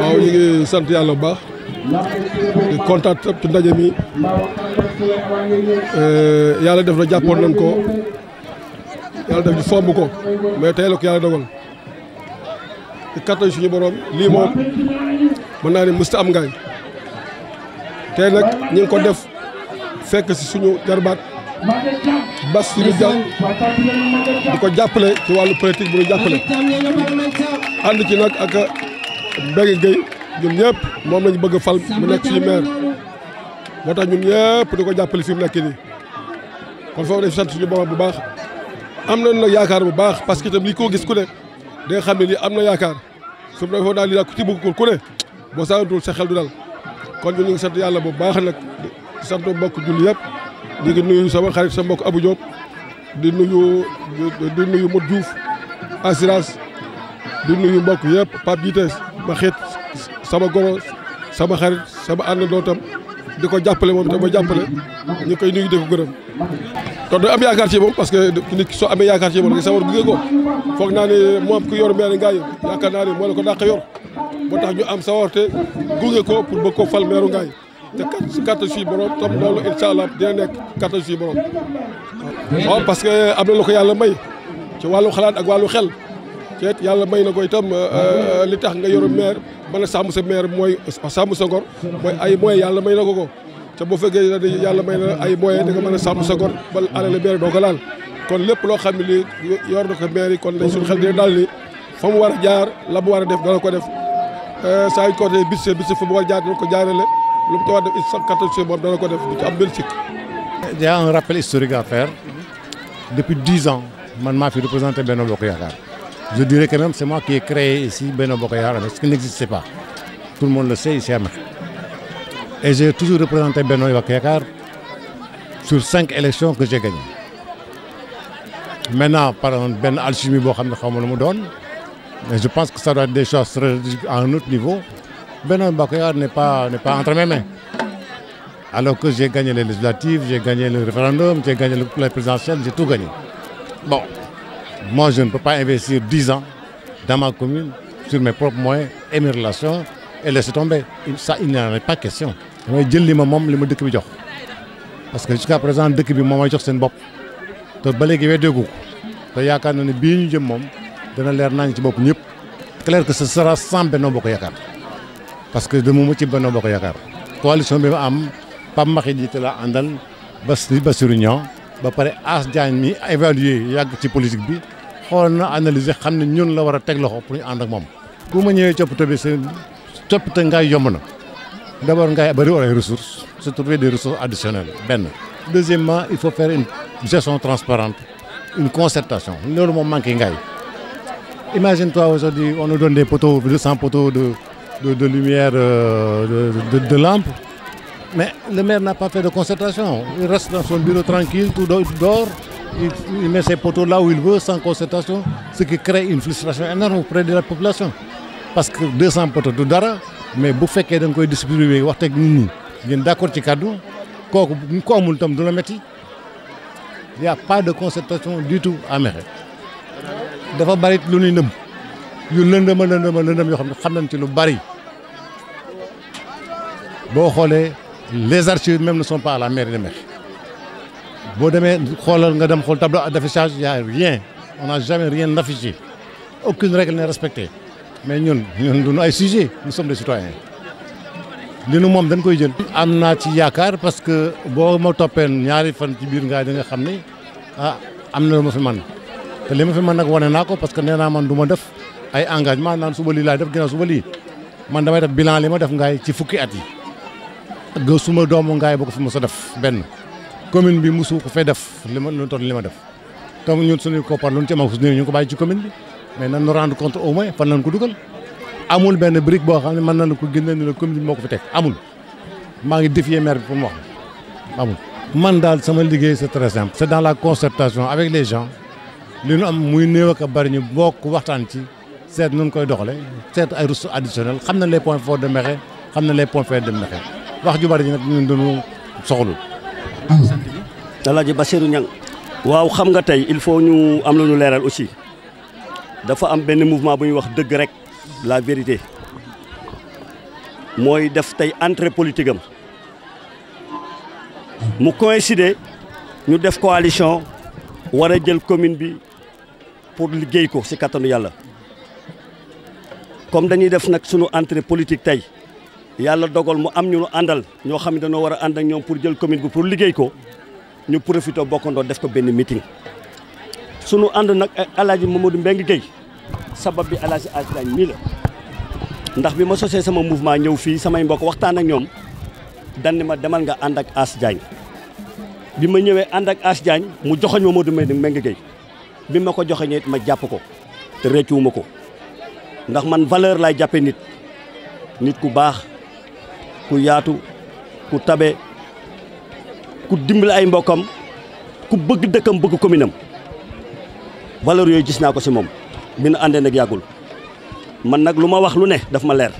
waaw ñu ngi sant yàlla bu baax di kontaan trop ci ndaje mi euh, yàlla def na jàppoon nañ ko yàlla def ñu somb ko mais tey la ko yàlla dogal te kattan suñu borom lii moom mën naa ne musta am ngaay tey nag ñu ngi ko def fekk si suñu jarbaat bas suñu jàll di ko jàppale ci wàllu politique bu ñu jàppale ànd ci nag ak. Mbengue Gueye ñun ñëpp moom lañ bëgg fal mu nekk suñu maire moo tax ñun ñëpp di ko jàppale fi mu nekk nii kon foofu dañ sant suñu borom bu baax am nañu nag yaakaar bu baax parce que itam li ko gis ku ne da nga xam ne lii am na yaakaar su ma defoon daal lii daal ku ci bëggul ku boo saantul sa xel du dal kon ñun ñu ngi sant yàlla bu baax nag di sant mbokk julli yëpp di ngi nuyu sama xarit sa mbokk Abou Diop di nuyu di nuyu Modou assurance. du nuyu mbokk yëpp Pape Djité ma xeet sama goro sama xarit sama àndandoo tam di ko jàppale moom itam ma jàppale ñu koy nuyu di ko gërëm. kon da am yaakaar ci moom que nit soo amee yaakaar ci sawar bu ko foog naa ne moom ku yor maire Ngaye yaakaar naa ne moo la ko dàq yor moo tax ñu am sawarte gunge ko pour bëgg ko fal maire Ngaye te kat si kàttan suy borom tam loolu incha allah dina nekk kàttan suy borom. waaw parce que am na lu ko yàlla may ci wàllu xalaat ak wàllu xel. ceet yàlla may na ko itam euh, euh, li tax nga yoru maire mën a sàmm sa maire mooy sàmm sa ngor mooy ay moyens yàlla may na ko ko te bu fekkee yàlla may na ay mooy da nga mën a sàmm sa ngor ba alal maire doo ko laal kon lépp loo xam ne lii yor na ko maire yi kon lañ suñu xel di daal ni fa mu war a jaar la mu war a def dana ko def euh, saa yu côté bis bis fa mu war a jaar dana ko jaarale lu mu ci war def it cent quatorze moom dana ko def du ci sikk il y a man maa fi représenté Benno Bokk Yaakaar Je dirais quand même, c'est moi qui ai créé ici Beno Bokoyar, ce qui n'existait pas. Tout le monde le sait ici à Marseille. Et j'ai toujours représenté Beno Bokoyar sur cinq élections que j'ai gagnées. Maintenant, par exemple, Ben Alchimie je pense que ça doit être des choses à un autre niveau. Benoît Bakayar n'est pas, pas entre mes mains. Alors que j'ai gagné les législatives, j'ai gagné le référendum, j'ai gagné le, la j'ai tout gagné. mois jeune ne peux pas investir 10 ans dans ma commune sur mes propres moyens et mes relations et laisser tomber. Ça, il n'en est pas question. damay jël li ma moom li ma dëkk bi jox parce que jusqu'à présent dëkk bi moom may jox seen bopp te ba léegi weddeeku ko te yaakaar na ne bii ñu jëm moom dana leer nañ ci bopp ñëpp clair que ce sera sans Benno Bokk Yaakaar parce que demu demuma ci Benno Bokk Yaakaar coalition bi am Pape Mahi jiite la àndal Bassirou Niang ba pare As Diagne mi évalué yàgg ci politique bi xool na analyser xam ne ñun la war a teg loxo pour ñu ànd ak moom. bu ma ñëwee coppite bi seen coppite ngaay yomb na d' abord ngaay bëri ay ressources se trouver des ressources additionnelles benn. deuxièmement il faut faire une gestion transparente une concertation loolu moom manqué ngaay imagine toi aujourd'hui on nous donne des poteaux 200 poteaux de de de lumière euh, de de, de, Mais le maire n'a pas fait de concertation. Il reste dans son bureau tranquille, tout dort, il, il met ses poteaux là où il veut, sans concertation, ce qui crée une frustration énorme auprès de la population. Parce que 200 poteaux du dara mais bu fekkee da nga koy distribuer wax teg nit ñi ngeen d'accord ci kàddu kooku ko amul tam du la métti y a pas de concertation du tout à Mekhe dafa bari lu ñuy nëb yu lëndëma lëndëma lëndëm yoo xam ne xam nañ ci lu bari boo les archives même ne sont pas à la mairie de Mekhe boo demee xoolal nga dem xool tableau d'affichage y a rien on a jamais rien affiché aucune règle n'est respectée mais ñun ñun duñu ay sujet nous sommes des li nu moom dañ koy jël. am naa ci yaakaar parce que boo ma toppeen ñaari fan ci biir ngaa di nga xam ni ah am na lu ma fi man te li ma fi mën nag wane naa ko parce que nee naa man du ma def ay engagement naan suba lii laay def ginnaaw suba li man damay def bilan li ma def ngaay ci fukki at yi ga suma doomu ngaay boo ko fi mos a def benn commune bi mosu ko fee def li ma lu toll li ma def tam ñun suñuy koppar lu ñu ci am su ñu ko bàyyi ci commune bi mais nan nu rendre compte au fan lañ ko dugal amul benn brique boo xam ne mën nañ ko génne ni la bi moo ko fi teg amul maa ngi défier maire bi pour mu wax amul man daal sama liggéey c'est très simple c'est dans la concertation avec les gens li ñu am muy néew ak a bari boo bokk waxtaan ci seet nun koy doxale seet ay ressources additionnelles xam na les points forts de Mekhe xam na les points wax ju bari ji nag ñun dañu soxlu. Alaaji Bassirou Niang waaw xam nga tey il faut ñu am lu leeral aussi dafa am benn mouvement bu ñuy wax dëgg rek la vérité mooy def tey entrée politique am mu coïncider ñu def coalition war a jël commune bi pour liggéey ko si kattanu yàlla comme dañuy def nag sunu entrée politique tey. yàlla dogal mu am ñu àndal ñoo xam ne dañoo war a ànd ak ñoom pour jël commune bi pour liggéey ko ñu profité bokkandoo def ko benn meeting. sunu ànd nag ak El Hadj Mamadou Mbengue Guèye sabab bi El Hadj Aslan mii la ndax bi ma sosee sama mouvement ñëw fii samay mbokk waxtaan ak ñoom dan ma demal nga ànd ak As Diagne bi ma ñëwee ànd ak As Diagne mu joxoñ Mamadou Mbengue Guèye bi ma ko joxoñee ma jàpp ko te réccuwuma ko ndax man valeur laay jàppee nit nit ku baax. ku yaatu ku tabe ku dimbale ay mbokkam ku bëgg dëkkam bëgg commune am valeur yooyu gis naa ko si moom bi nu àndee nag yàggul man nag lu ma wax lu ne daf ma leer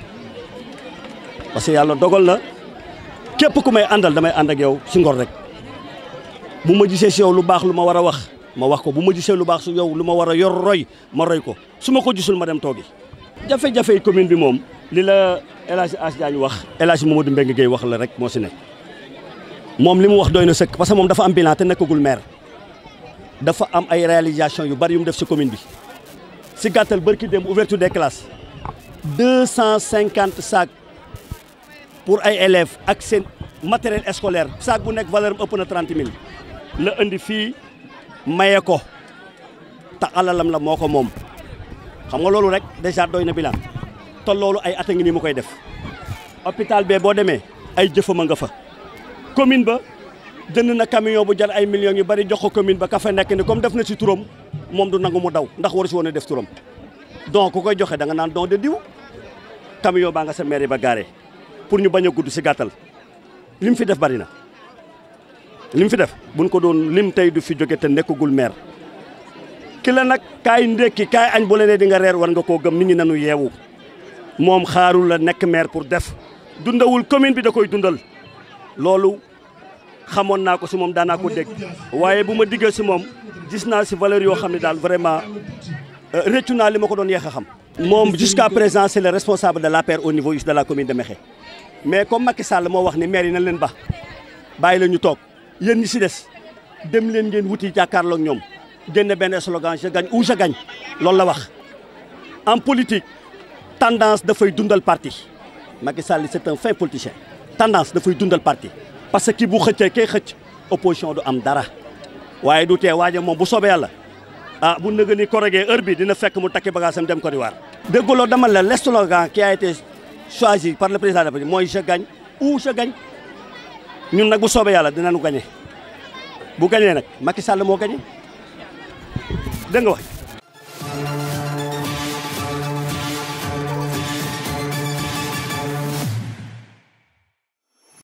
parce que yàlla dogal na képp ku may àndal damay ànd ak yow ci ngor rek bu ma gisee ci lu baax lu ma war a wax ma wax ko bu ma gisee lu baax su yow lu ma war a yor roy ma roy ko su ma ko gisul ma dem toogi jafe-jafe commune bi moom li la El Hadj As Diagne wax El Hadj Mamadou Mbengue Gueye wax la rek moo si nekk moom li mu wax doy na sëkk parce que moom dafa am bilan te nekkagul maire dafa am ay réalisation yu bari yu mu def si commune bi si gàttal bërki dem ouverture des classes deux cent cinquante sacs pour ay élèves ak seen matériel scolaire sac bu nekk valeur am ëpp na trente mille la indi fii maye ko te alalam la moo ko moom xam nga loolu rek déjà doy na bilan te loolu ay at a ngi mu koy def hôpital bee boo demee ay jëfama nga fa commune ba jënd na camion bu jar ay millions yu bari jox ko commune ba kafa fa nekk ni comme def na ci turam moom du nangu mu daw ndax war si woon def turam donc ku koy joxe da nga naan don de diw camion baa nga sa mairie ba garé pour ñu bañ a gudd si gàttal li mu fi def bari na li fi def buñ ko doon lim tey du fi jóge te nekkagul maire ki la nag kaay ndékki kaay añ bu la nee di nga reer war nga koo gëm nit ñi nanu yeewu moom xaarul la nekk maire pour def dundawul commune bi da koy dundal loolu xamoon naa ko si moom daanaa ko dégg waaye bu ma diggee si moom gis naa si valeur yoo xam ne daal vraiment euh, rëccu naa li ma ko doon yeex a xam moom jusqu'à présent c'est le responsable de l'APR au niveau de la commune de Mékhé mais comme Macky Sall moo wax ni maire yi leen ba bàyyi la ñu toog yéen ñi si des dem leen ngeen wuti jàkkaarloo ak ñoom génn benn slogan je gagne ou je gagne loolu la wax en politique tendance dafay dundal parti Macky Sall c'est un fin politicien tendance dafay dundal parti parce que kii bu xëccee kay xëcc opposition du am dara waaye du tee waaja moom bu soobee yàlla ah bu nëgë ni korogee heure bi dina fekk mu takki bagaasam dem Côte d'Ivoire dégguloo dama la le slogan qui a été choisi par le président de la mooy je gagne ou je gagne ñun nag bu soobee yàlla dinañu gañe bu gañee nag Macky Sall moo gañe dégg wax